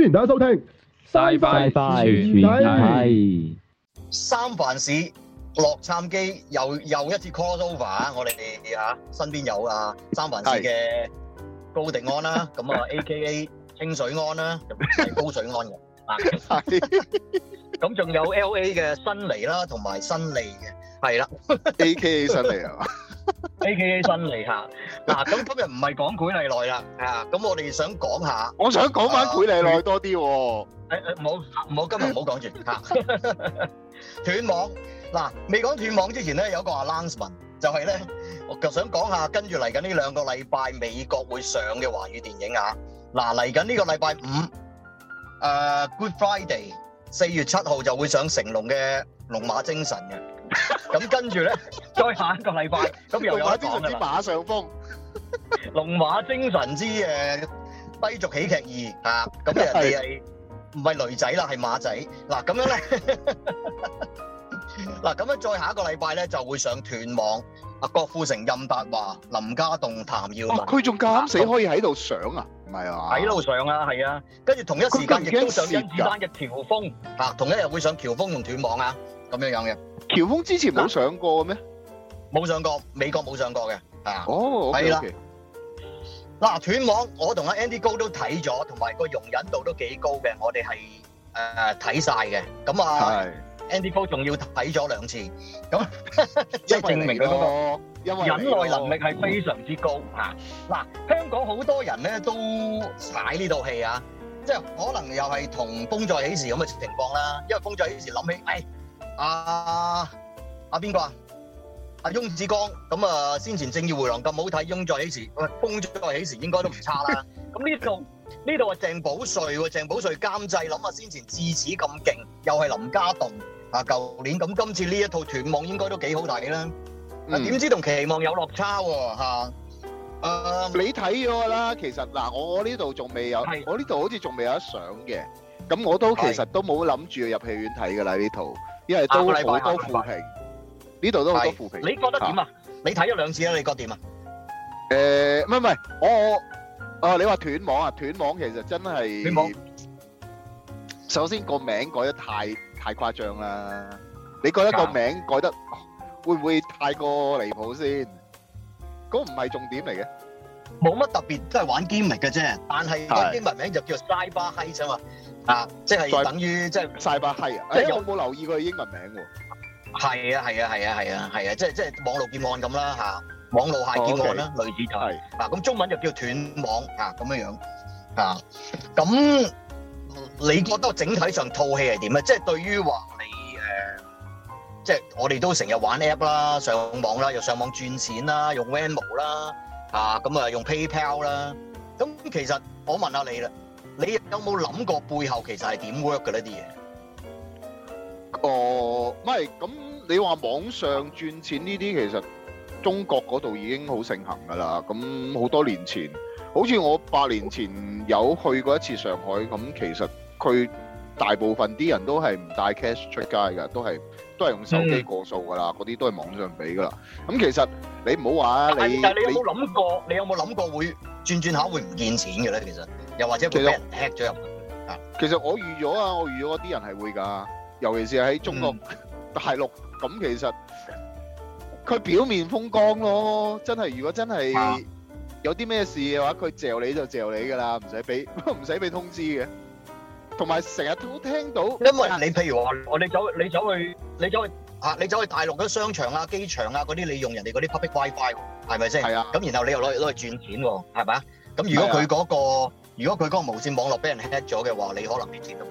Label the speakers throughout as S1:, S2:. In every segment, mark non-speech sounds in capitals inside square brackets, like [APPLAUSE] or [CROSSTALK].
S1: 歡迎大家收聽，拜拜拜拜。
S2: 三藩市洛杉磯又又一次 crossover 啊！我哋吓身邊有啊，三藩市嘅 Go 敵安啦，咁啊 A K A 清水安啦，係高水安嘅。係咁，仲有 L A 嘅辛尼啦，同埋辛尼嘅係
S1: 啦，A K A 辛尼啊嘛。
S2: A.K.A 新嚟吓，嗱咁今日唔係講舉例內啦，啊咁我哋想講下，我想講翻舉例內多啲，誒誒，唔好唔好今日唔好講住吓，斷網，嗱未講斷網之前咧，有個阿 Lang 文就係咧，我就想講下，跟住嚟緊呢兩個禮拜美國會上嘅華語電影啊，嗱嚟緊呢個禮拜五誒 Good Friday，四月七號就會上成龍嘅《龍馬精神》嘅。咁 [LAUGHS] 跟住咧，再下一個禮拜，咁又有啦。龍馬精神之馬上風，龍馬精神之誒低俗喜劇二啊，咁誒你係唔係女仔啦？係馬仔嗱，咁樣咧，嗱咁樣再下一個禮拜咧，就會上斷網。阿郭富城任達華林家棟譚耀文，佢仲啱死可以
S1: 喺度上、啊、上啊？唔係啊？喺度上啊？係
S2: 啊！跟住同一時間亦都上《甄子丹》嘅喬峰，吓同一日會上喬峰同斷網啊，咁樣樣嘅。喬峰之前冇上過嘅咩？冇上過，美國冇上過嘅，係啊。哦，O K O K。嗱，斷網，我同阿 Andy Go 都睇咗，同埋個容忍度都幾高嘅。我哋係誒睇晒嘅。咁啊，Andy Go 仲要睇咗兩次，咁
S1: 即係證明佢嗰個忍耐能力係非常
S2: 之高吓。嗱，香港好多人咧都踩呢套戲啊，即係可能又係同風再起時咁嘅情況啦。因為風再起時諗起，哎。阿阿邊個啊？阿翁子光咁啊，先前正義迴廊咁好睇，雍再起時，喂，風再起時應該都唔差啦。咁呢度呢度話鄭保瑞喎，鄭保瑞監製諗下先前智齒咁勁，又係林家棟啊，舊年咁，今次呢一套斷網應該都幾好睇啦。啊，
S1: 點知同期望有落差喎吓？誒，你睇咗啦。其實嗱，我呢度仲未有，我呢度好似仲未有得上嘅。咁我都其實都冇諗住入戲院睇噶啦呢套。因為都好多負評，呢度都好多負評。你覺得點啊？你睇咗兩次啊，你覺點啊？誒，唔係唔係，我，哦，你話斷網啊？斷網其實真係，首先個名改得太太誇張啦。你覺得個名改得會唔會太過離譜先？嗰唔係重點嚟嘅，冇乜特別，都係玩 game 嚟嘅啫。但係英文名就叫 Cyber Heist 嘛。啊！即、就、係、是、等於
S2: 即係晒把係，誒、
S1: 就是，啊哎、沒有冇
S2: 留意過英文名喎。係啊係啊係啊係啊係啊，即係即係網絡劫案咁啦吓，網絡係劫案啦，例、oh, okay, 似就係嗱，咁是、啊、中文就叫斷網吓，咁、啊、樣樣吓。咁、啊啊、你覺得整體上套戲係點啊？即係對於話你誒，即係我哋都成日玩 app 啦，上網啦，又上網賺錢啦，用 Venmo 啦、啊，啊，咁啊用 PayPal 啦，咁其實我問下你啦。你有冇諗
S1: 過背後其實係點 work 嘅呢啲嘢？哦、呃，唔係咁，你話網上轉錢呢啲其實中國嗰度已經好盛行噶啦。咁好多年前，好似我八年前有去過一次上海，咁其實佢大部分啲人都係唔帶 cash 出街㗎，都係都係用手機過數㗎啦。嗰啲、嗯、都係網上俾㗎啦。咁其實你唔好話你，但係你有冇
S2: 諗過？你有冇諗過會轉轉下
S1: 會唔見錢嘅咧？其實。又或者冇人吃咗入啊！其實我預咗啊，我預咗嗰啲人係會噶，尤其是喺中國大陸。咁其實佢表面風光咯，真係如果真係有啲咩事嘅話，佢嚼你就嚼你噶啦，唔使俾唔使俾通知嘅。同埋成日都聽到，因為啊，你譬如話
S2: 我你走去你走去你走去啊，你走去
S1: 大陸嗰啲商場啊、機場
S2: 啊嗰啲，你用人哋嗰啲 public WiFi 係咪先？係啊。咁然後你又攞去攞去賺錢喎，係咪？咁如果佢嗰個。如果佢嗰個無線網絡俾人 hack 咗嘅話，你可能
S1: 連錢都冇。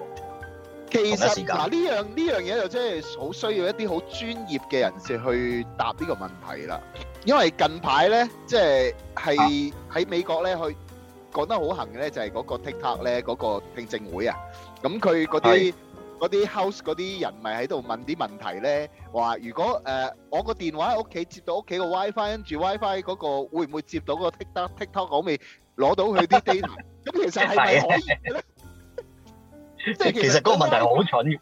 S1: 其實嗱，呢樣呢樣嘢就真係好需要一啲好專業嘅人士去答呢個問題啦。因為近排咧，即係係喺美國咧，佢講得好行嘅咧，就係嗰個 TikTok 咧嗰個聽證會啊。咁佢嗰啲嗰啲 House 嗰啲人咪喺度問啲問題咧，話如果誒，我個電話喺屋企接到屋企個 WiFi，跟住 WiFi 嗰個會唔會接到個 TikTok TikTok 嗰面，攞到佢啲 data，咁其實係咪可以嘅咧？即係其實嗰個問題好蠢嘅。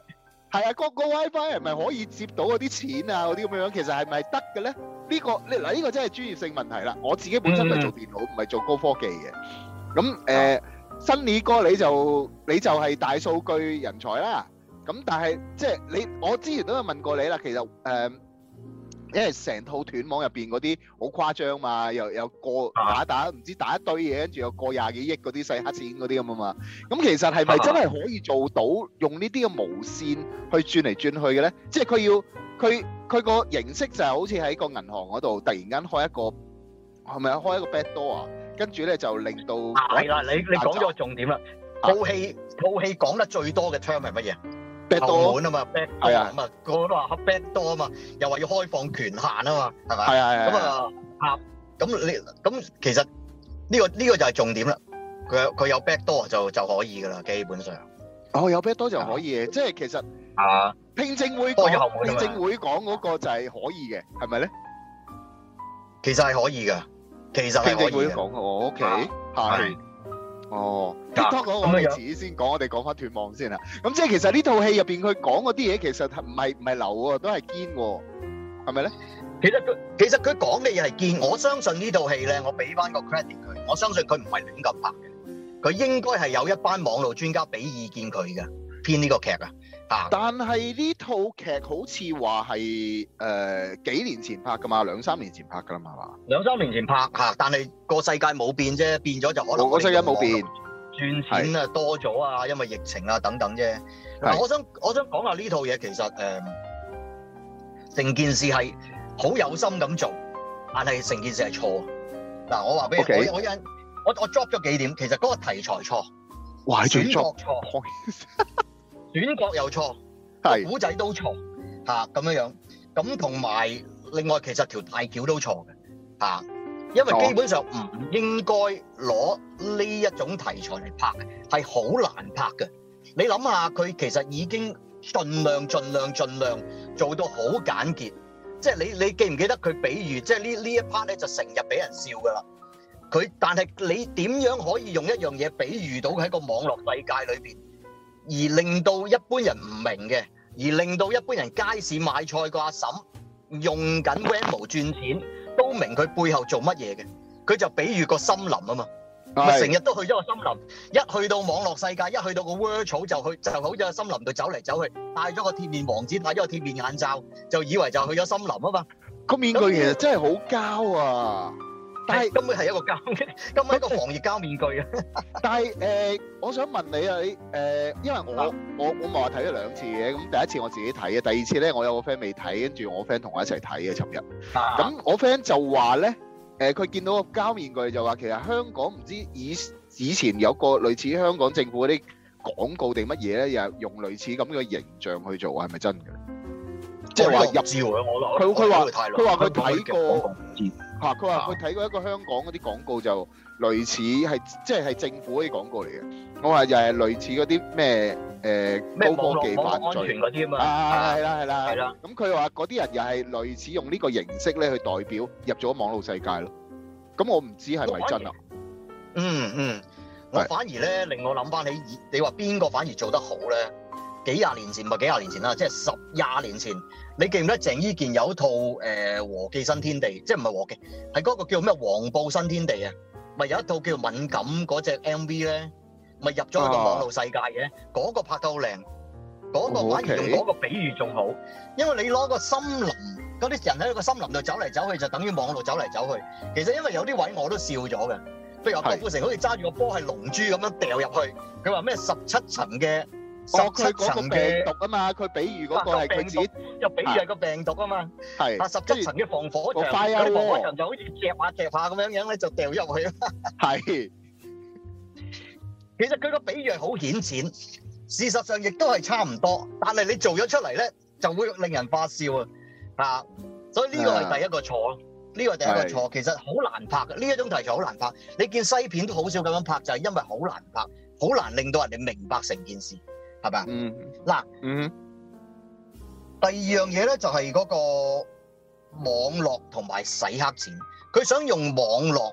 S1: 係啊，嗰個 WiFi 係咪可以接到嗰啲錢啊？嗰啲咁樣樣，其實係咪得嘅咧？呢個嗱，呢個真係專業性問題啦。我自己本身係做電腦，唔係做高科技嘅。咁誒，辛尼哥你就你就係大數據人才啦。咁但係即係你，我之前都有問過你啦。其實誒。因為成套斷網入邊嗰啲好誇張嘛，又又過打打唔知打一堆嘢，跟住又過廿幾億嗰啲細黑錢嗰啲咁啊嘛。咁其實係咪真係可以做到用呢啲嘅無線去轉嚟轉去嘅咧？即係佢要佢佢個形式就係好似喺個銀行嗰度突然間開一個係咪啊？開一個 back door，跟住咧就令到係啦。你你講咗個重點啦。套戲套戲講得最多嘅 term 係乜嘢？
S2: back door 啊嘛，back door 啊嘛，個都話合 back door 啊嘛，又話要開放權限啊嘛，係咪啊？咁啊合，咁你咁其實呢個呢個就係重
S1: 點啦。佢佢有 back door 就就可以噶啦，基本上。哦，有 back door 就可以，即係其實啊，聽證會聽證會講嗰個就係可以嘅，係咪咧？其實係可以嘅，其實聽證會講我 OK 係。哦，你講講我哋遲啲先講，我哋講翻斷網先啦。咁即係其實呢套戲入邊，佢講嗰啲嘢，其實係唔係唔係流喎，都係堅喎，係咪咧？其實佢其實佢講嘅嘢係堅，我相信呢套戲咧，我俾翻個 credit 佢，我相信佢唔係亂
S2: 咁拍嘅，佢應該係有一班網絡專家俾意見佢嘅編呢個劇啊。
S1: 但係呢套劇好似話係誒幾年前拍噶嘛，兩三年前拍噶啦嘛，
S2: 兩三年前拍吓，嗯、但係個世界冇變啫，嗯、變咗就可能我，想我世界冇變，
S1: 轉錢啊
S2: 多咗啊，是因為疫情啊等等啫。
S1: 嗱是，我想
S2: 我想講下呢套嘢，其實誒，成、嗯、件事係好有心咁做，但係成件事係錯。嗱、啊，我話俾你，Okay. 我我因 drop 咗幾點，其實嗰個題材錯，主角錯。短角又錯，係古仔都錯吓咁樣樣，咁同埋另外其實條大橋都錯嘅吓，因為基本上唔應該攞呢一種題材嚟拍嘅，係好難拍嘅。你諗下佢其實已經盡量盡量盡量做到好簡潔，即係你你記唔記得佢比喻，即係呢呢一 part 咧就成日俾人笑噶啦佢但係你點樣可以用一樣嘢比喻到喺個網絡世界裏邊？而令到一般人唔明嘅，而令到一般人街市買菜個阿嬸用緊 WeMo 賺錢，都明佢背後做乜嘢嘅。佢就比喻個森林啊嘛，
S1: 佢成日都
S2: 去咗個森林，一去到網絡世界，一去到個 Word 草就去，就好似喺森林度走嚟走去，戴咗個鐵面王子，戴咗個鐵面眼罩，就以為就去咗森林啊嘛。個面具其實真係好膠啊！
S1: 但係根本係一個膠，根本一個防疫膠面具啊！但係誒，我想問你啊，你誒，因為我我我咪話睇咗兩次嘅，咁第一次我自己睇嘅，第二次咧我有個 friend 未睇，跟住我 friend 同我一齊睇嘅，尋日。啊！咁我 friend 就話咧，誒，佢見到個膠面具就話，其實香港唔知以以前有個類似香港政府嗰啲廣告定乜嘢咧，又用類似咁嘅形象去做，係咪真嘅？
S2: 即係話入照啊！我佢佢話佢話佢睇過。
S1: 嚇！佢話佢睇過一個香港嗰啲廣告，就類似係即係政府嗰啲廣告嚟嘅。我話又係類似嗰啲咩誒高科技犯罪安全嗰啲啊嘛。係啦係啦。係啦。咁佢話嗰啲人又係類似用呢個形式咧去代表入咗網路世界咯。咁我唔知係咪真啊？嗯嗯。我反而咧令我諗翻起，你話邊個反而做得好咧？幾廿
S2: 年前唔係幾廿年前啦，即係十廿年前，你記唔得鄭伊健有一套誒、呃、和記新天地，即係唔係和記，係嗰個叫咩黃埔新天地啊？咪有一套叫敏感嗰隻 MV 咧，咪入咗一個網絡世界嘅，嗰、啊、個拍夠靚，嗰、嗰個反而用嗰個比喻仲好，嗯、okay，因為你攞個森林，嗰啲人喺個森林度走嚟走去，就等於網絡走嚟走去。其實因為有啲位我都笑咗嘅，譬如話郭富城好似揸住個波係龍珠咁樣掉入去，佢話咩十七層嘅。佢層嘅病毒啊嘛，佢比喻嗰個係佢自己，又比喻係個病毒啊嘛。係，啊，十七層嘅防火牆，佢啲防火牆就好似石下石下咁樣樣咧，就掉入去啦。係，其實佢個比喻好顯淺，事實上亦都係差唔多，但係你做咗出嚟咧，就會令人發笑啊。啊，所以呢個係第一個錯咯。呢個的第一個錯，的其實好難拍嘅。呢一種題材好難拍，你見西片都好少咁樣拍，就係、是、因為好難拍，好難令到人哋明白成件事。係咪啊？嗱，mm hmm. mm hmm. 第二樣嘢咧就係嗰個網絡同埋洗黑錢，佢想用網絡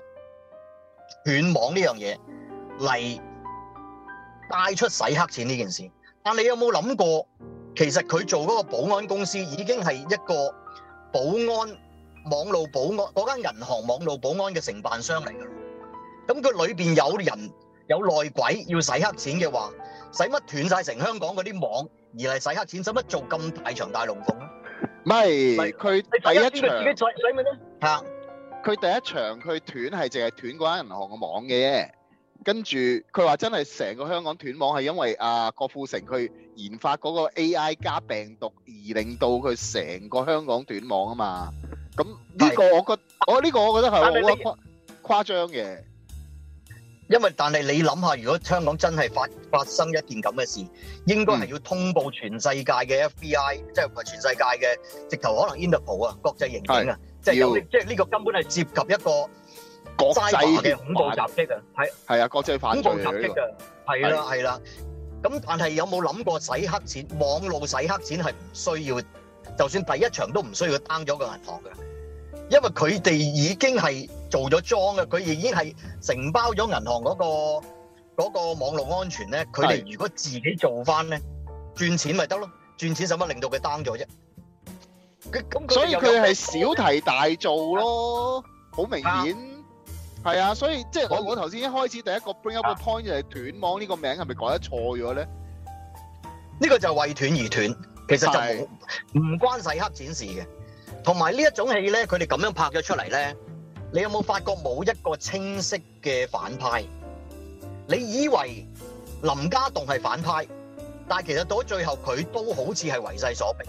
S2: 斷網呢樣嘢嚟帶出洗黑錢呢件事。但你有冇諗過？其實佢做嗰個保安公司已經係一個保安網絡保安嗰間銀行網絡保安嘅承辦商嚟噶啦。咁佢裏邊有人有內鬼要洗黑錢嘅話。使乜斷曬成香港嗰啲網，而係使黑錢，使乜做咁大場大龍鳳咧？
S1: 唔係，佢第一場自己使使咩咧？係啊，佢第一場佢斷係淨係斷嗰間銀行嘅網嘅啫。跟住佢話真係成個香港斷網係因為阿郭富城佢研發嗰個 AI 加病毒而令到佢成個香港斷網啊嘛。咁呢個我覺，我呢個我覺得係好啊誇誇張嘅。因
S2: 為但係你諗下，如果香港真係發發生一件咁嘅事，應該係要通報全世界嘅 FBI，即係唔係全世界嘅，直頭可能 Interpol 啊，國際刑警啊，即係有即係呢個根本係涉及一個國際嘅恐怖襲
S1: 擊啊！係係啊，國際反恐怖襲擊啊！係啦係啦，
S2: 咁但係有冇諗過洗黑錢？網路洗黑錢係唔需要，就算第一場都唔需要 down 咗個銀行噶，因為佢哋已經係。做咗裝嘅，佢已經係承包咗銀行嗰個嗰個網絡安全咧。佢哋如果自己做翻咧，賺是的 錢咪得咯？賺錢使乜令到佢 down 咗
S1: 啫？所以佢係小題大做咯，好明顯係啊！所以即係我我頭先一開始第一個 bring up 個 point 就係斷網呢個名係咪改得錯咗咧？呢個就是為
S2: 斷而斷，其實
S1: 就唔的關洗黑錢事嘅。同埋呢一種戲咧，佢
S2: 哋咁樣拍咗出嚟咧。你有冇發覺冇一個清晰嘅反派？你以為林家棟係反派，但係其實到最後佢都好似係為勢所逼。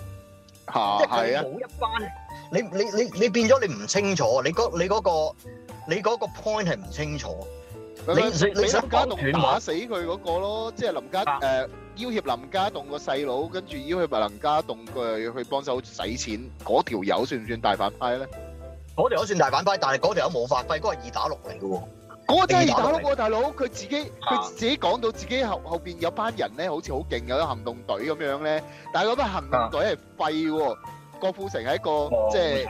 S2: 吓、啊，即係冇一班。啊、你你你你，你變咗你唔清楚，你嗰、嗰個、你、嗰個你嗰個 point 係唔清楚。你你林家棟打
S1: 死佢嗰個咯，即、呃、係林家誒要挾林家棟個細佬，跟住要挾埋林家棟佢去幫手洗錢，嗰條友算唔算大反派咧？嗰條可算大反派，但係嗰條有冇發揮？嗰係二打六嚟嘅喎。嗰真係二打六喎，大佬佢自己佢自己講到自己後後邊有班人咧，好似好勁有個行動隊咁樣咧。但係嗰班行動隊係廢喎。郭富城係一個即係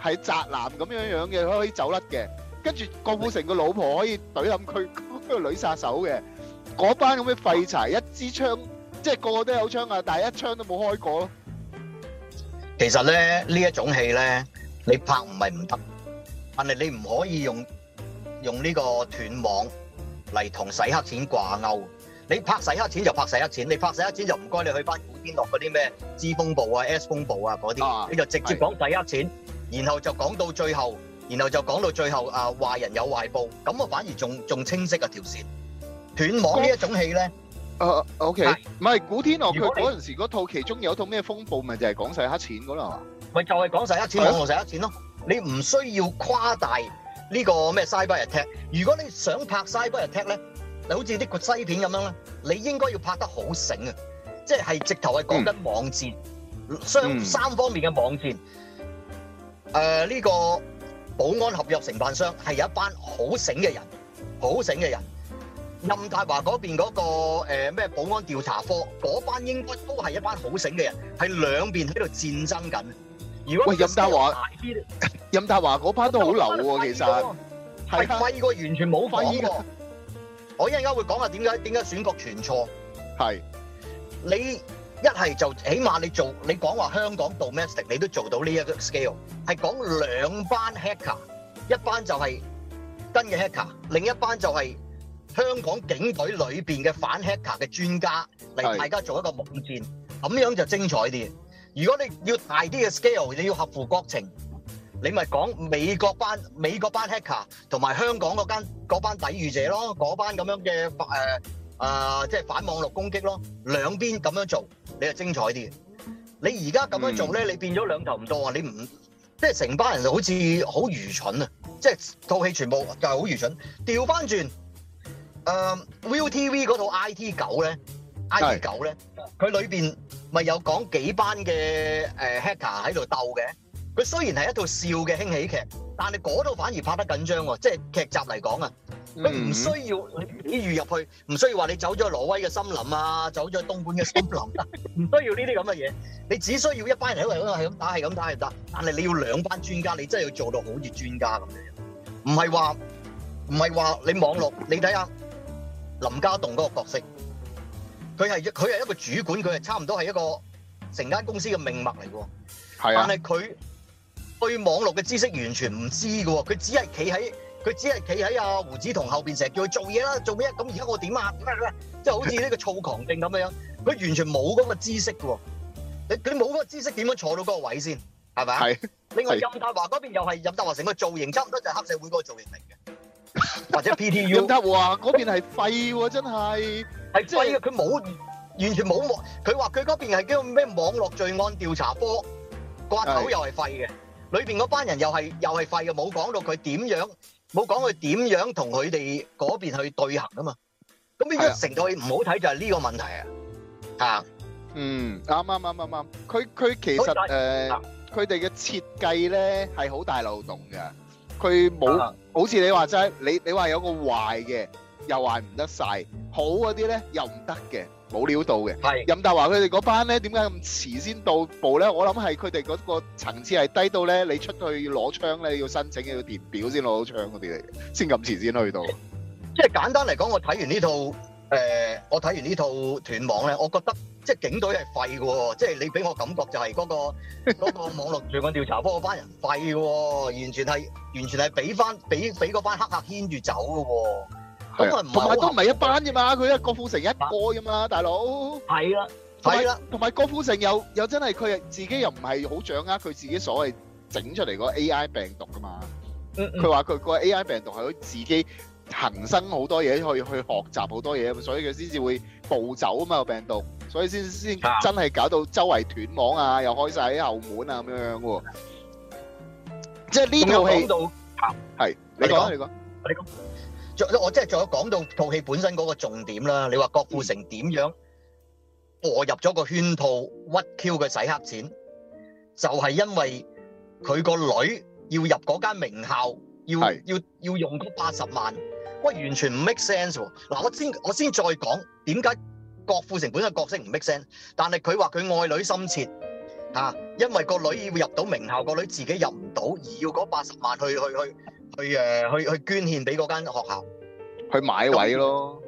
S1: 係宅男咁樣樣嘅，佢可以走甩嘅。跟住郭富城個老婆可以懟冧佢個女殺手嘅。嗰班咁嘅廢柴一支槍，即係個個都有槍啊，但係一槍都冇開過咯。
S2: 其實咧，呢一種戲咧。你拍唔係唔得，但係你唔可以用用呢個斷網嚟同洗黑錢掛鈎。你拍洗黑錢就拍洗黑錢，你拍洗黑錢就唔該你去翻古天樂嗰啲咩 Z 風暴啊、S 風暴啊嗰啲，你就直接講洗黑錢，然後就講到最後，然後就講到最後啊壞人有壞報，咁啊反而仲仲清晰啊條
S1: 線。斷網呢一種戲咧，誒，OK，唔係古天樂佢嗰陣時嗰套其中有一套咩風暴咪就係講洗黑錢嗰咯。咪就係講晒一錢網絡，就一錢咯。
S2: 你唔需要誇大呢個咩 Cyber Attack。如果你想拍 Cyber Attack 咧，你好似啲國西片咁樣咧，你應該要拍得好醒啊！即係直頭係講緊網戰，嗯、相三方面嘅網戰。誒、嗯，呢、呃這個保安合約承辦商係有一班好醒嘅人，好醒嘅人。任達華嗰邊嗰個誒，咩保安調查科嗰班應該都係一班好醒嘅人，係兩邊喺度戰爭緊。如果任達華，
S1: 任達華嗰班都好流嘅，其實，係廢過完全冇廢過。
S2: 我一陣間會講下點解，點解選角全錯。係你一係就起碼你做你講話香港 domestic 你都做到呢一個 scale，係講兩班 hacker，一班就係跟嘅 hacker，另一班就係。香港警隊裏邊嘅反 hacker 嘅專家嚟大家做一個網戰，咁樣就精彩啲。如果你要大啲嘅 scale，你要合乎國情，你咪講美國班美國班 hacker 同埋香港嗰班嗰班抵禦者咯，嗰班咁樣嘅誒啊，即係反網絡攻擊咯，兩邊咁樣做你就精彩啲。你而家咁樣做咧，你變咗兩頭唔到啊！你唔即係成班人好似好愚蠢啊！即係套戲全部就係好愚蠢，調返轉。誒，Viu、uh, TV 嗰套 I T 九咧，I T 九咧，佢是裏邊咪有講幾班嘅誒 hacker 喺度鬥嘅。佢、uh, 雖然係一套笑嘅興喜劇，但係嗰度反而拍得緊張。即係劇集嚟講啊，佢唔需要你預入去，唔需要話你走咗挪威嘅森林啊，走咗東莞嘅森林、啊，唔 [LAUGHS] 需要呢啲咁嘅嘢。你只需要一班人喺度咁係咁打係咁打就得，但係你要兩班專家，你真係要做到好似專家咁樣，唔係話唔係話你網絡，你睇下。林家棟嗰個角色，佢係佢係一個主管，佢係差唔多係一個成間公司嘅命脈嚟嘅。係啊，但係佢對網絡嘅知識完全唔知嘅，佢只係企喺佢只係企喺阿鬍子彤後邊，成日叫佢做嘢啦，做咩？咁而家我點啊？點啊？點啊？即係好似呢個躁狂症咁嘅樣，佢 [LAUGHS] 完全冇嗰個知識嘅。你你冇嗰個知識，點樣坐到嗰個位先？係咪係。另外任達華嗰邊又係任達華，成個造型差唔多就係黑社會嗰個造型嚟嘅。或者 PTU，得喎，嗰邊係廢喎，真係係廢嘅。佢冇完全冇網，佢話佢嗰邊係叫咩網絡罪案調查科，刮頭又係廢嘅。裏邊嗰班人又係又係廢嘅，冇講到佢點樣，冇講佢點樣同佢哋嗰邊去對行啊嘛。咁呢一成對唔好睇就係呢個問題啊。嚇，
S1: 嗯，啱啱啱啱啱。佢佢其實誒，佢哋嘅設計咧係好大漏洞㗎。佢冇好似你話齋，你你話有個壞嘅，又壞唔得晒。好嗰啲咧又唔得嘅，冇料到嘅。係是任達華佢哋嗰班咧，點解咁遲先到步咧？我諗係佢哋嗰個層次係低到咧，你出去攞槍咧，你要申請要填表先攞到槍嗰啲嚟，先咁遲先去到。即係簡單嚟講，
S2: 我睇完呢套誒、呃，我睇完呢套斷網咧，我覺得。即係警隊係廢嘅，即係你俾我感覺就係嗰個嗰個網絡罪案調查科班人廢嘅，完全係完全係俾翻俾俾嗰班黑客牽住走咁嘅。同埋都
S1: 唔係一班啫嘛，佢一郭富城一個啫嘛，大佬。係啦，係啦，同埋郭富城又又真係佢自己又唔係好掌握佢自己所謂整出嚟個 AI 病毒噶嘛。佢話佢個 AI 病毒係佢自己恒生好多嘢，可以去學習好多嘢，所以佢先至會暴走啊嘛，個病毒。所以先先真係搞到周圍斷網啊，又開晒啲後門啊，咁樣樣嘅。即係呢套戲係你講，你講，
S2: 你講。再我即係再講到套戲本身嗰個重點啦。你話郭富城點樣墮入咗個圈套，屈 Q 嘅洗黑錢？就係因為佢個女要入嗰間名校，要要要用咗八十萬，喂，完全唔 make sense。嗱，我先我先再講點解。郭富城本身嘅角色唔 make sense，但係佢話佢愛女心切，吓、啊，因為個女要入到名校，個女自己入唔到，而要嗰八十萬去去去去誒去去，去捐獻俾嗰間學校，
S1: 去買位咯。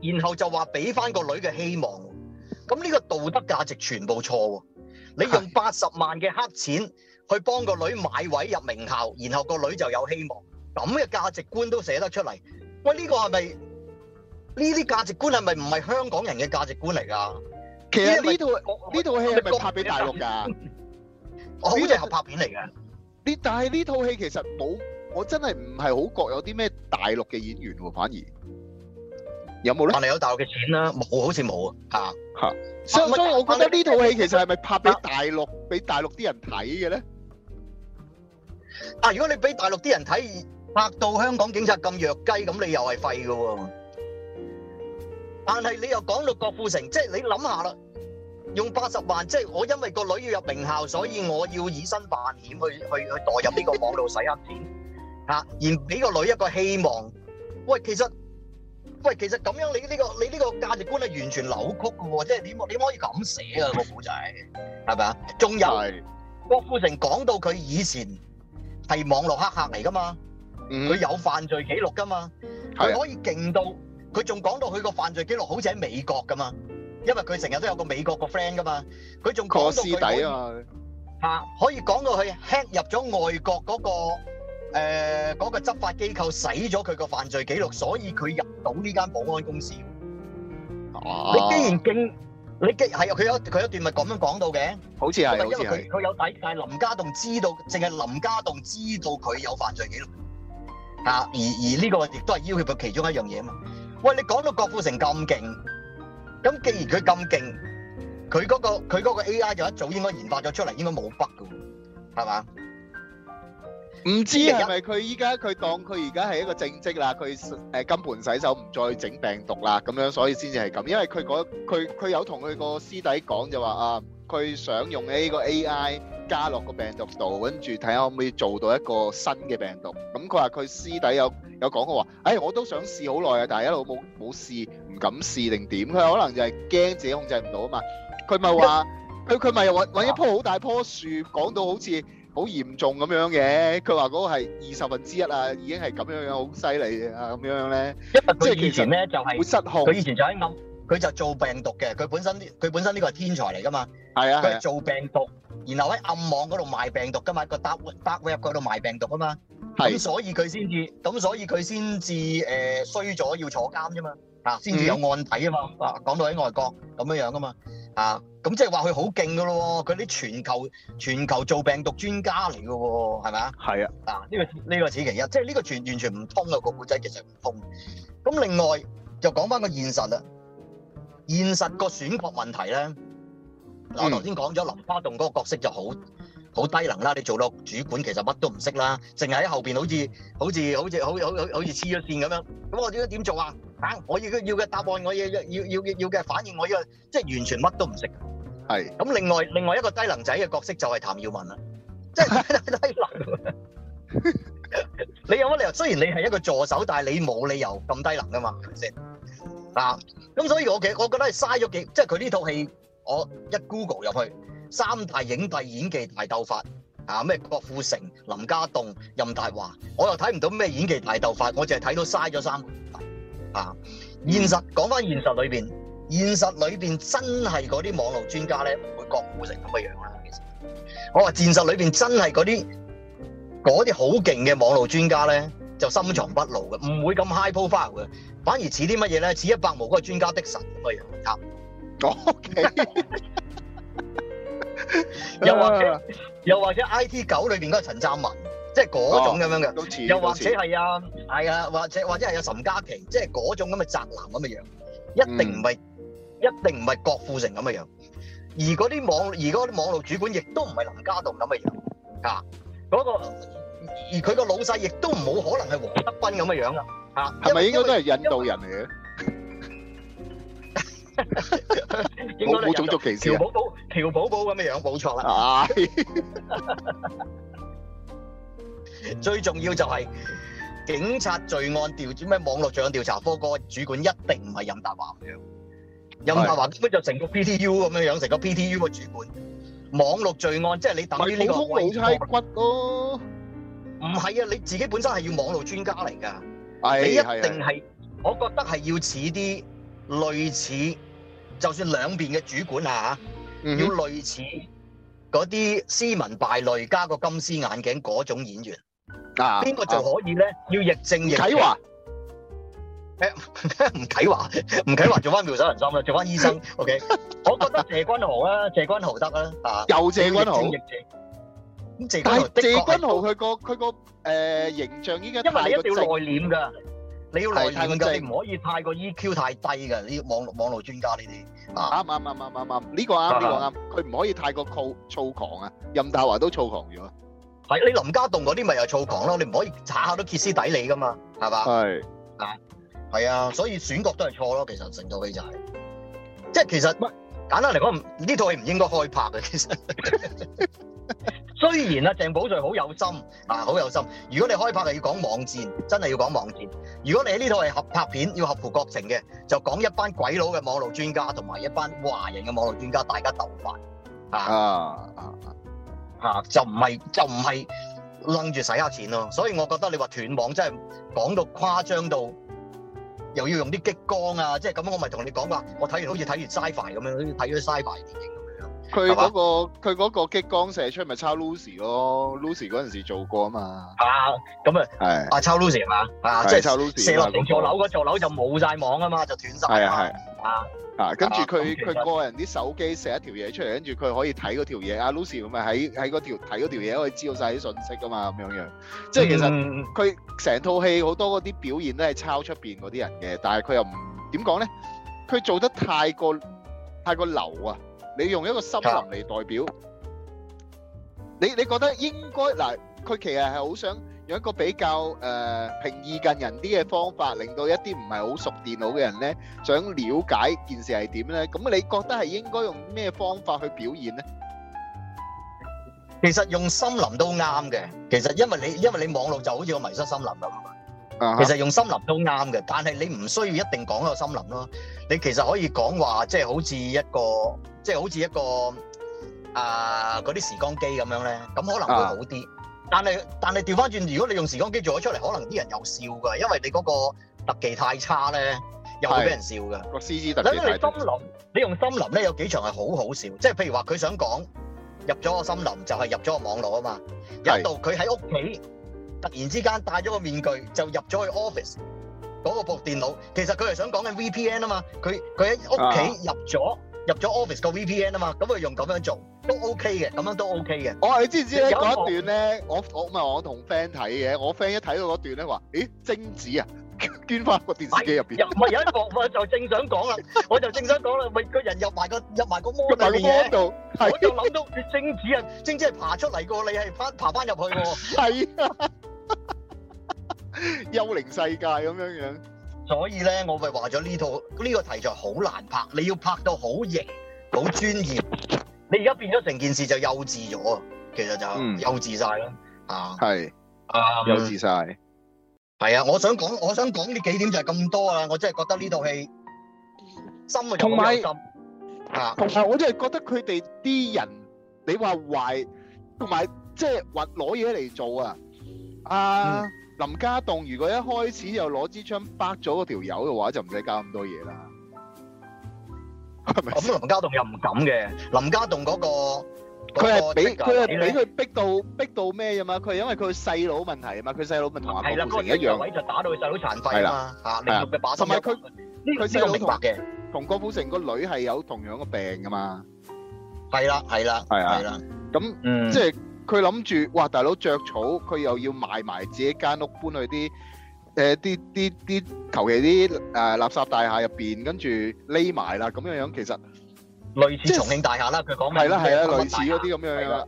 S2: 然後就話俾翻個女嘅希望，咁呢個道德價值全部錯喎。你用八十萬嘅黑錢去幫個女買位入名校，然後個女就有希望，咁嘅價值觀都寫得出嚟。喂，呢、呢個係咪？呢啲價值觀係咪唔係香港人嘅價值觀嚟㗎？其實呢套呢套
S1: 戲係咪拍俾大陸㗎？我好似合拍片嚟嘅。呢但係呢套戲其實冇，我真係唔係好覺有啲咩大陸嘅演員喎、啊，反而
S2: 有冇咧？可能有大陸嘅錢啦，冇好似
S1: 冇啊！嚇嚇。所、啊啊、所以，啊、所以我覺得呢套戲其實係咪拍俾大陸、俾、啊、大陸啲人睇嘅咧？
S2: 啊！如果你俾大陸啲人睇，拍到香港警察咁弱雞，咁你又係廢㗎喎、啊！但係你又講到郭富城，即係你諗下啦，用八十萬，即係我因為個女要入名校，所以我要以身犯險去去去代入呢個網絡洗黑錢，吓，而俾個女一個希望。喂，其實喂，其實咁樣你呢個你呢個價值觀係完全扭曲噶喎，即係你你點可以咁寫啊，個故仔，係咪啊？仲有郭富城講到佢以前係網絡黑客嚟噶嘛，嗯，佢有犯罪記錄噶嘛，佢可以勁到。佢仲講到佢個犯罪記錄好似喺美國噶嘛，因為佢成日都有個美國個 friend 噶嘛，佢仲講底啊吓，可以講到佢 hack 入咗外國嗰、那個誒嗰、呃那個、執法機構，使咗佢個犯罪記錄，所以佢入到呢間保安公司。
S1: 哦、啊，你既然
S2: 勁，你勁係佢有佢一段咪咁樣講到嘅，好似係，因為佢佢有底，但係林家棟知道，淨係林家棟知道佢有犯罪記錄吓、啊，而而呢個亦都係要挾佢其中一樣嘢啊嘛。喂，你講到郭富城咁勁，咁既然佢咁勁，佢嗰個佢嗰個 AI 就一早應該研發咗出嚟，應該冇筆㗎喎，係嘛？唔
S1: 知係咪佢依家佢當佢而家係一個正職啦，佢誒金盆洗手唔再整病毒啦，咁樣所以先至係咁。因為佢嗰佢佢有同佢個師弟講就話啊。佢想用呢個 AI 加落個病毒度，跟住睇下可唔可以做到一個新嘅病毒。咁佢話佢私底有有講過話，哎，我都想試好耐啊，但係一路冇冇試，唔敢試定點？佢可能就係驚自己控制唔到啊嘛。佢咪話佢佢咪揾揾一棵好大棵樹，講到好似好嚴重咁樣嘅。佢話嗰個係二十分之一啊，已經係咁樣樣好犀利啊咁樣樣咧。即係以前咧就係會失控。佢以前就喺暗。佢就做病毒嘅，佢本身佢本身呢個係天才嚟噶嘛，係啊，佢做
S2: 病毒，啊、然後喺暗網嗰度賣病毒噶嘛，個 dark dark web 嗰度賣病毒啊嘛，咁、啊、所以佢先至，咁、啊、所以佢先至誒衰咗要坐監啫嘛，嚇、啊，先至、嗯、有案底、嗯、啊嘛，啊，講到喺外國咁樣樣噶嘛，啊，咁即係話佢好勁噶咯喎，佢啲全球全球做病毒專家嚟噶喎，係咪啊？係啊，啊、這、呢個呢、這個此其一，即係呢個全完全唔通啊、那個古仔其實唔通，咁另外就講翻個現實啦。現實個選角問題咧，我頭先講咗林花洞嗰個角色就好好低能啦，你做到主管其實乜都唔識啦，淨係喺後邊好似好似好似好好好似黐咗線咁樣，咁我點樣點做啊？啊，我要嘅要嘅答案，我要要要要嘅反應，我要即係完全乜都唔識。係。咁另外另外一個低能仔嘅角色就係譚耀文啦，即係低能。你有乜理由？雖然你係一個助手，但係你冇理由咁低能噶嘛，係咪先？啊！咁所以我嘅，我覺得係嘥咗幾，即係佢呢套戲，我一 Google 入去，三大影帝演技大鬥法啊！咩郭富城、林家棟、任達華，我又睇唔到咩演技大鬥法，我淨係睇到嘥咗三個啊！現實講翻現實裏邊，現實裏邊真係嗰啲網絡專家咧，唔會郭富城咁嘅樣啦。其實我話現實裏邊真係嗰啲嗰啲好勁嘅網絡專家咧，就深藏不露嘅，唔會咁 high profile 嘅。反而似啲乜嘢咧？似一百毛嗰個專家的神咁嘅樣，Okay. [LAUGHS] 又或者 [LAUGHS] 又或者 I T 九裏邊嗰個陳湛文，即係嗰種咁樣嘅，oh, 都又或者係啊，係像啊，或者或者係有岑嘉琪，即係嗰種咁嘅宅男咁嘅樣，一定唔係、嗯、一定唔係郭富城咁嘅樣，而嗰啲網而啲網絡主管亦都唔係林家棟咁嘅樣，啊，嗰、那個而佢個老細亦都唔冇可能係黃德斌咁嘅樣啊！
S1: 係咪、啊、應該都係印度人嚟嘅？冇種族歧視寶寶、
S2: 喬寶寶咁嘅樣，冇錯啦。係、哎，最重要就係、是、警察罪案調查咩？網絡罪案調查科個主管一定唔係是任達華咁樣。任達華根本就成個 PTU 咁嘅樣，成個 PTU 個主管。網絡罪案即係、就是、你等呢個，好胸好粗骨咯、啊。唔係啊，你自己本身係要網絡專家嚟噶。你一定係，我覺得係要似啲類似，就算兩邊嘅主管啊，要類似嗰啲斯文敗類加個金絲眼鏡嗰種演員
S1: 啊，邊個就可
S2: 以咧？要亦正亦啟華，唔啟華，吳啟華做翻妙手仁心啦，做翻醫生。OK，我覺得謝君豪啊，謝君豪得啦啊，又謝君豪。
S1: 但係謝君豪佢個佢個誒形象依家，因為一定要內斂噶你要內太，就是，
S2: 你唔可以太過 EQ 太低噶呢，網絡網絡專家呢啲，啱啱啱啱啱啱，呢個啱，呢個啱，
S1: 佢唔可以太過躁狂啊！任達華都躁狂咗，係呢林家棟嗰啲咪又躁
S2: 狂咯？你唔可以查下都歇斯底里噶嘛？係嘛？係
S1: 啊是，係啊，所以選
S2: 角都係錯咯。其實成套戲就係，是，即係其實簡單嚟講，呢麼套戲唔應該開拍嘅。其實。 [LAUGHS] 雖然啊，鄭保瑞好有心啊，好有心。如果你開拍，又要講網戰，真係要講網戰。如果你喺呢套係合拍片，要合乎國情嘅，就講一班鬼佬嘅網絡專家同埋一班華人嘅網絡專家，大家鬥法啊啊啊！嚇、啊啊啊，就唔係就唔係擸住使下錢咯。所以我覺得你話斷網真係講到誇張到，又要用啲激光啊！即係咁，我咪同你講過，我睇完好似睇完《Sci-Fi》咁樣，好似睇咗《Sci-Fi》電影。
S1: 佢嗰個佢個激光射出咪抄 Lucy 咯，Lucy 嗰陣時做過啊嘛。啊，咁啊係啊，抄 Lucy 係嘛，啊即係抄 Lucy 射落成座樓，嗰座樓就冇晒網啊嘛，就斷晒。係啊係啊啊，跟住佢佢個人啲手機射一條嘢出嚟，跟住佢可以睇嗰條嘢。阿 Lucy 咁咪喺喺嗰條睇嗰條嘢，可以知道晒啲信息噶嘛，咁樣樣。即係其實佢成套戲好多嗰啲表現都係抄出面嗰啲人嘅，但係佢又唔點講咧？佢做得太過太過流啊！你用一個森林嚟代表，你你覺得應該嗱，佢其實係好想用一個比較誒平易近人啲嘅方法，令到一啲唔係好熟電腦嘅人咧，想了解件事係點咧？咁你覺得係應該用咩方法去表現咧？其實用森林都啱嘅，其實因為你因為你
S2: 網絡就好似個迷失森林咁。其實用森林都啱嘅，但係你唔需要一定講一個森林咯。你其實可以講話，即係好似一個，即係好似一個啊嗰啲時光機咁樣咧，咁可能會好啲。但係但係調翻轉，如果你用時光機做咗出嚟，可能啲人又笑噶，因為你嗰個特技太差咧，又會俾人
S1: 笑噶。個 CG 特技太差。你用森
S2: 林，你用森林咧有幾場係好好笑，即係譬如話佢想講入咗個森林就係入咗個網絡啊嘛，入到佢喺屋企。突然之間戴咗個面具就入咗去 office 嗰個部電腦，其實佢係想講緊 VPN 啊嘛，佢佢喺屋企入咗入咗 office 個 VPN 啊嘛，咁佢用咁樣做都 OK 嘅，咁樣都 OK 嘅。
S1: 我話你知唔知咧？嗰一段咧，我我唔係我同 friend 睇嘅，我 friend 一睇到嗰段咧話，咦，貞子啊，捐翻個電視機入邊。又唔係有一幕，我就正想講啦，我就正想講啦，咪個人入埋個入埋個魔力嘅度，我
S2: 就諗到貞子啊，貞子係爬出嚟個，你係翻爬翻入去個。係。 [LAUGHS] 幽靈世界咁樣樣，所以咧，我咪話咗呢套呢個題材好難拍，你要拍到好型、好專業。你而家變咗成件事就幼稚咗，其實就幼稚晒啦，嗯啊。啊，
S1: 係啊，幼稚晒，
S2: 係啊。我想講，我想講呢幾點就係咁多啦。我真係覺得呢套戲
S1: 心，就心有啊，同埋啊，同埋我真係覺得佢哋啲人，你話壞，同埋即係話攞嘢嚟做啊。啊！林家棟如果一開始又攞支槍，崩咗嗰條友嘅話，就唔使搞咁多嘢啦。係咪先？林家棟又唔敢嘅。林家棟嗰個，佢係俾佢係俾佢逼到逼到咩啊嘛？佢係因為佢細佬問題啊嘛。佢細佬問題係啦，同郭富城一樣位
S2: 就打到佢細佬殘廢啊嘛。吓，零六嘅把。同埋佢，
S1: 佢細佬同郭富城個女係有同樣嘅病噶嘛？係啦，係啦，係啊，咁，即係。佢諗住哇，大佬着草，佢又要賣埋自己間屋，搬去啲誒啲啲啲求其啲誒垃圾大廈入邊，跟住匿埋啦咁樣樣。其實類似重慶大廈啦，佢講明係啦係啦，類似嗰啲咁樣嘅。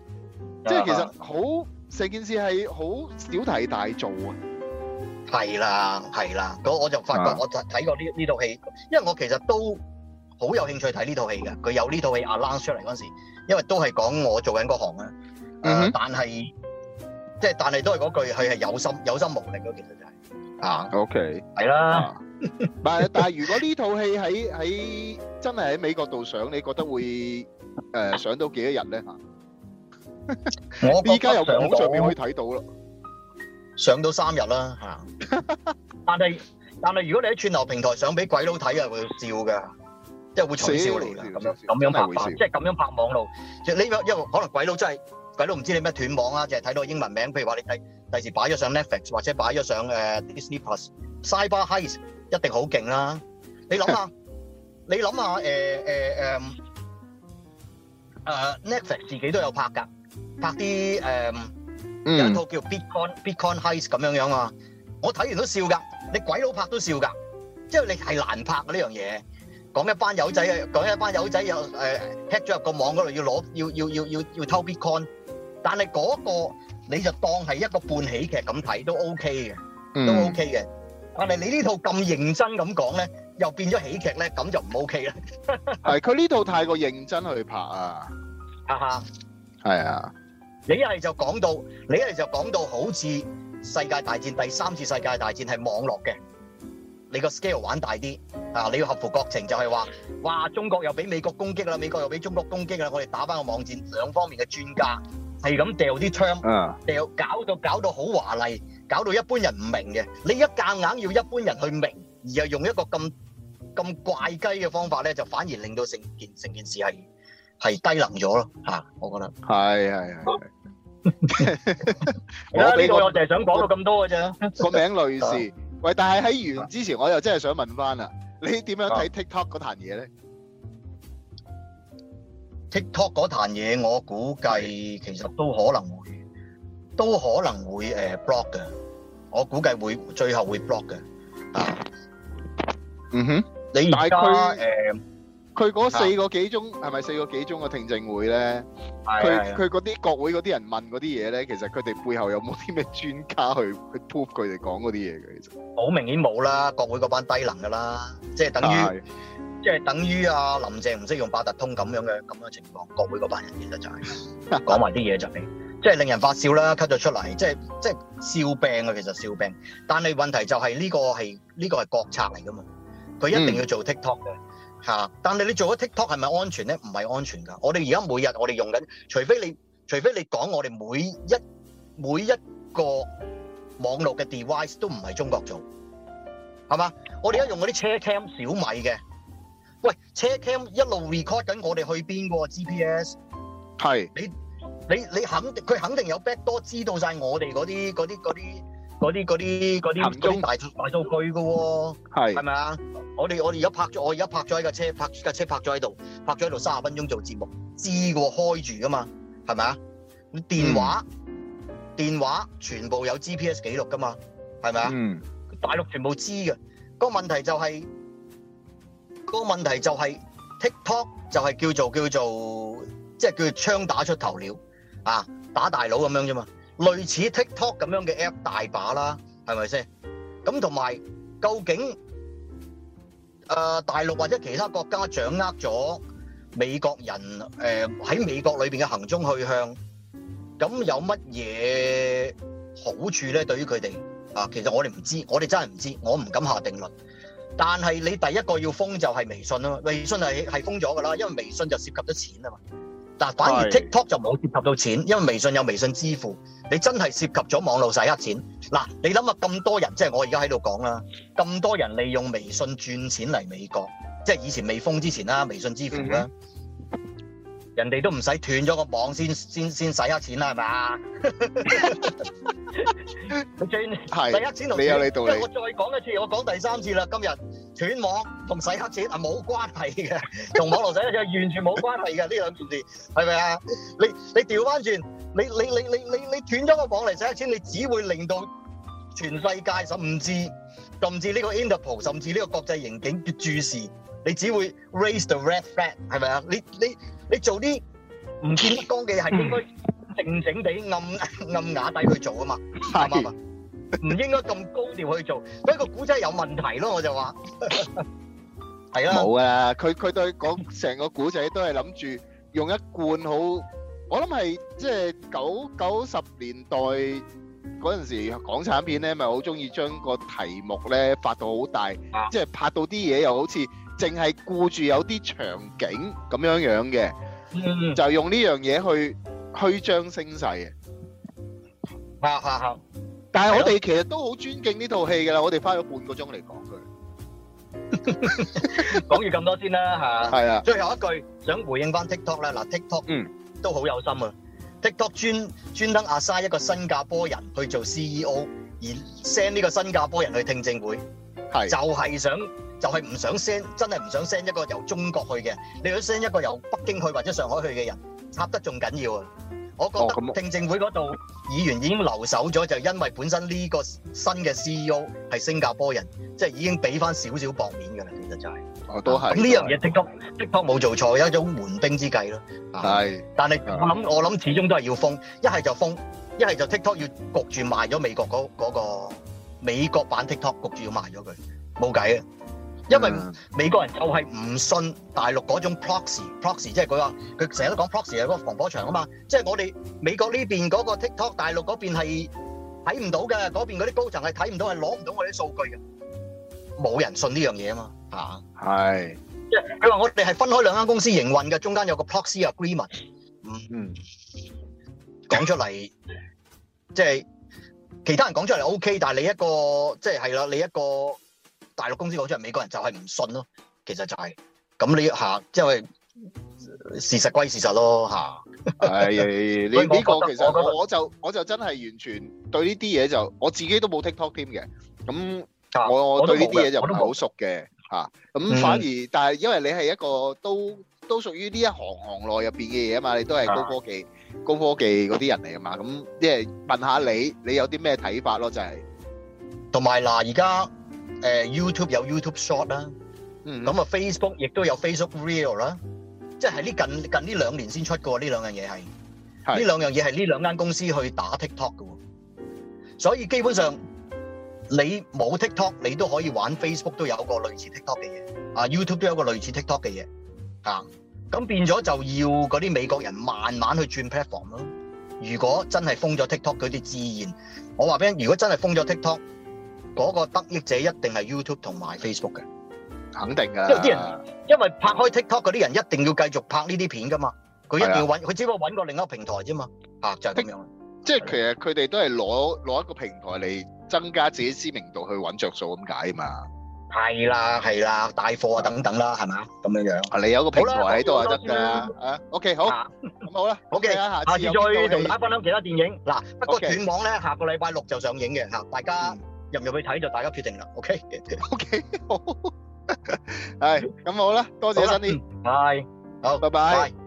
S1: 即係的其實好成的很件事係好小題大做啊！
S2: 係啦係啦，我我就發覺我就睇過呢呢套戲，因為我其實都好有興趣睇呢套戲嘅。佢有呢套戲阿 l a n c e 出嚟嗰陣時，因為都係講我做緊嗰行啊。但係即係，但係都係嗰句，佢係
S1: 有心有心無力咯。其實就係啊，OK，係啦。但係但係，如果呢套戲喺喺真係喺美國度上，你覺得會誒上到幾多日咧？吓，我而家又網上邊可以睇到咯，上到三日啦吓。但係
S2: 但係，如果你喺串流平台上俾鬼佬睇啊，會笑嘅，即係會取消你啦。咁樣咁樣拍，即係咁樣拍網路。即係呢個因為可能鬼佬真係。鬼都唔知你咩斷網啊！淨係睇到英文名，譬如話你第第時擺咗上 Netflix 或者擺咗上誒 Disney Plus，Cyber Heist 一定好勁啦！你諗下，你諗下誒誒誒誒 Netflix 自己都有拍噶，拍啲誒有一套叫 Bitcoin Bitcoin Heist 咁樣樣啊！我睇完都笑噶，你鬼佬拍都笑噶，即係你係難拍嘅呢樣嘢。講一班友仔啊，講一班友仔又誒 hack 咗入個網嗰度，要攞要要要要要偷 Bitcoin。但係嗰個你就當係一個半喜劇咁睇都 OK 嘅，都 OK 嘅。但係你呢套咁認真咁講咧，又變咗喜劇咧，咁就唔 OK 啦。
S1: 係佢呢套太過認真去拍啊！
S2: 哈哈，
S1: 係啊！你一
S2: 係就講到，你一係就講到，好似世界大戰第三次世界大戰係網絡嘅，你個 scale 玩大啲啊！你要合乎國情就係話，哇中國又俾美國攻擊啦，美國又俾中國攻擊啦，我哋打返個網戰，兩方面嘅專家。係咁掉啲槍，掉搞到搞到好華麗，搞到一般人唔明嘅。你一夾硬要一般人去明，而又用一個咁咁怪雞嘅方法咧，就反而令到成件成件事係係低能咗咯
S1: 嚇，我覺得。係係係。我呢個我淨係想講到咁多嘅啫。個名女士，喂，但係喺完之前，我又真係想問翻啦，你點樣睇 TikTok 嗰壇嘢咧？TikTok 嗰壇
S2: 嘢，我估計其實都可能會，都可能會誒 block 嘅。
S1: 我估計會最後會 block 嘅。啊，嗯哼，你而家誒，佢嗰四個幾鐘係咪四個幾鐘嘅聽證會咧？佢佢嗰啲國會嗰啲人問嗰啲嘢咧，其實佢哋背後有冇啲咩專家去去 prove 佢哋講嗰啲嘢嘅？其實好明顯冇啦，國會嗰班低能㗎啦，即係等於。
S2: 即係等於阿林鄭唔識用八達通咁樣嘅咁嘅情況，國會嗰班人就係講埋啲嘢就咁，即係令人發笑啦，cut 咗出嚟，即係即係笑病啊，其實笑病。但係問題就係呢個係呢個係國策嚟噶嘛，佢一定要做 TikTok 嘅吓。但係你做咗 TikTok 係咪安全咧？唔係安全噶。我哋而家每日我哋用緊，除非你除非你講我哋每一每一個網絡嘅 device 都唔係中國做，係嘛？我哋而家用嗰啲車 cam 小米嘅。喂，車 cam 一路 record 緊我哋去邊個 GPS？係是你你你肯定佢肯定有 back door，知道晒我哋嗰啲嗰啲嗰啲嗰啲嗰啲嗰啲嗰啲大大數據噶喎，係係咪啊？我哋我哋而家拍咗我而家拍咗喺架車拍架車拍咗喺度拍咗喺度三十分鐘做節目知噶開住噶嘛係咪啊？咁電話、嗯、電話全部有 GPS 記錄噶嘛係咪啊？
S1: 嗯，
S2: 大陸全部知噶、嗰個問題就係、是。個問題就係 TikTok，就係叫做叫做即係叫做槍打出頭鳥啊，打大佬咁樣啫嘛，類似 TikTok 咁樣嘅 App 大把啦，係咪先？咁同埋究竟誒大陸或者其他國家掌握咗美國人誒喺美國裏邊嘅行蹤去向，咁有乜嘢好處咧？對於佢哋啊，其實我哋唔知，我哋真係唔知，我唔敢下定論。但係你第一個要封就係微信啊嘛，微信係係封咗噶啦，因為微信就涉及咗錢啊嘛。但反而 TikTok 就冇涉及到錢，因為微信有微信支付，你真係涉及咗網絡洗黑錢。嗱，你諗下咁多人，即係我而家喺度講啦，咁多人利用微信轉錢嚟美國，即係以前未封之前啦，微信支付啦。人哋都唔使斷咗個網先先先洗黑錢啦，係咪？你最係洗黑錢同你有你道理。我再講一次，我講第三次啦。今日斷網同洗黑錢係冇關係嘅，同 [LAUGHS] 網絡洗黑錢係完全冇關係嘅呢 [LAUGHS] 兩件事係咪啊？你你調翻轉，你你你你你你斷咗個網嚟洗黑錢，你只會令到全世界，甚至甚至呢個 Interpol，甚至呢個國際刑警嘅注視，你只會 raise the red flag，係咪啊？你你你做啲唔見得光嘅嘢，係應該靜靜地暗暗啞底去做啊嘛，啱唔啱啊？唔
S1: 應該咁高調去做，所以個古仔有問題咯，我就話。係啊。冇啊！佢佢對講成個古仔都係諗住用一貫好，我諗係即係九九十年代嗰陣時港產片咧，咪好中意將個題目咧發到好大，即係拍到啲嘢又好似。淨係顧住有啲場景咁樣樣嘅，就用呢樣嘢去虛張聲勢。係係，但係我哋其實都好尊敬呢套戲噶啦，我哋花咗半個鐘嚟講佢。
S2: 講完咁多先啦，係啊。最後一句想回應翻 TikTok 咧，嗱，TikTok 都好有心啊，TikTok 專專登阿沙一個新加坡人去做 CEO，而 send 呢個新加坡人去聽證會，係就係想。就係唔想 send，真係唔想 send 一個由中國去嘅。你想 send 一個由北京去或者上海去嘅人，插得仲緊要啊。我覺得聽證會嗰度，議員已經留守咗，就係因為本身呢個新嘅 CEO 係新加坡人，即係已經俾翻少少薄面㗎啦。其實就係，我都係呢樣嘢。TikTok
S1: TikTok 冇做錯，有一種
S2: 緩兵之計咯。係，但係我諗我諗，始終都係要封，一係就封，一係就 TikTok 要焗住賣咗美國嗰嗰個美國版 TikTok，焗住要賣咗佢，冇計啊。因為美國人就係唔信大陸嗰種 proxy proxy，即係佢話佢成日都講 proxy 係嗰個防火牆啊嘛，即係我哋美國呢邊嗰個 TikTok，大陸嗰邊係睇唔到嘅，嗰邊嗰啲高層係睇唔到，係攞唔到我哋啲數據嘅，冇人信呢樣嘢啊嘛。吓，係，即係佢話我哋係分開兩間公司營運嘅，中間有個 proxy agreement，嗯嗯，講出嚟，即係其他人講出嚟 OK，但係你一個即係係啦，你一個。大陸公司講出嚟，美國人就係唔信咯。
S1: 其實就係咁你一下，即係事實歸事實咯嚇。係你呢個其實我就我就真係完全對呢啲嘢就我自己都冇 TikTok 添嘅。咁我對呢啲嘢就唔係好熟嘅嚇。咁反而但係因為你係一個都都屬於呢一行行內入邊嘅嘢啊嘛，你都係高科技高科技嗰啲人嚟啊嘛。咁即係問下你，你有啲咩睇法咯？就
S2: 係同埋嗱，而家。誒，YouTube 有 YouTube Short 啦，咁啊 Facebook 亦都有 Facebook Real 啦，即係喺呢近近呢兩年先出嘅呢兩樣嘢係，呢兩樣嘢係呢兩間公司去打 TikTok 嘅，所以基本上你冇 TikTok 你都可以玩 Facebook 都有個類似 TikTok 嘅嘢，啊 YouTube 都有個類似 TikTok 嘅嘢，啊咁變咗就要嗰啲美國人慢慢去轉 platform 咯。如果真係封咗 TikTok 嗰啲資源，我話俾你，如果真係封咗 TikTok。嗰個得益者一定係 YouTube 同埋 Facebook 嘅，
S1: 肯定嘅。即係啲人，
S2: 因為拍開 TikTok 嗰啲人，一定要繼續拍呢啲片㗎嘛。佢一定要揾，佢只不過揾個另一個平台啫嘛。嚇，就係咁樣。
S1: 即係其實佢哋都係攞攞一個平台嚟增加自己知名度，去揾著數咁解嘛。係啦，係啦，帶貨等等啦，係咪咁樣樣？你有個平台喺度就得㗎。啊，OK，好咁
S2: 好啦。OK，下下次再同大家分享其他電影嗱。不過斷網咧，下個禮拜六就上映嘅嚇，大家。入入去睇就大家決定啦，OK，OK，好，咁 Bye bye. 好啦，多謝辛尼，拜拜。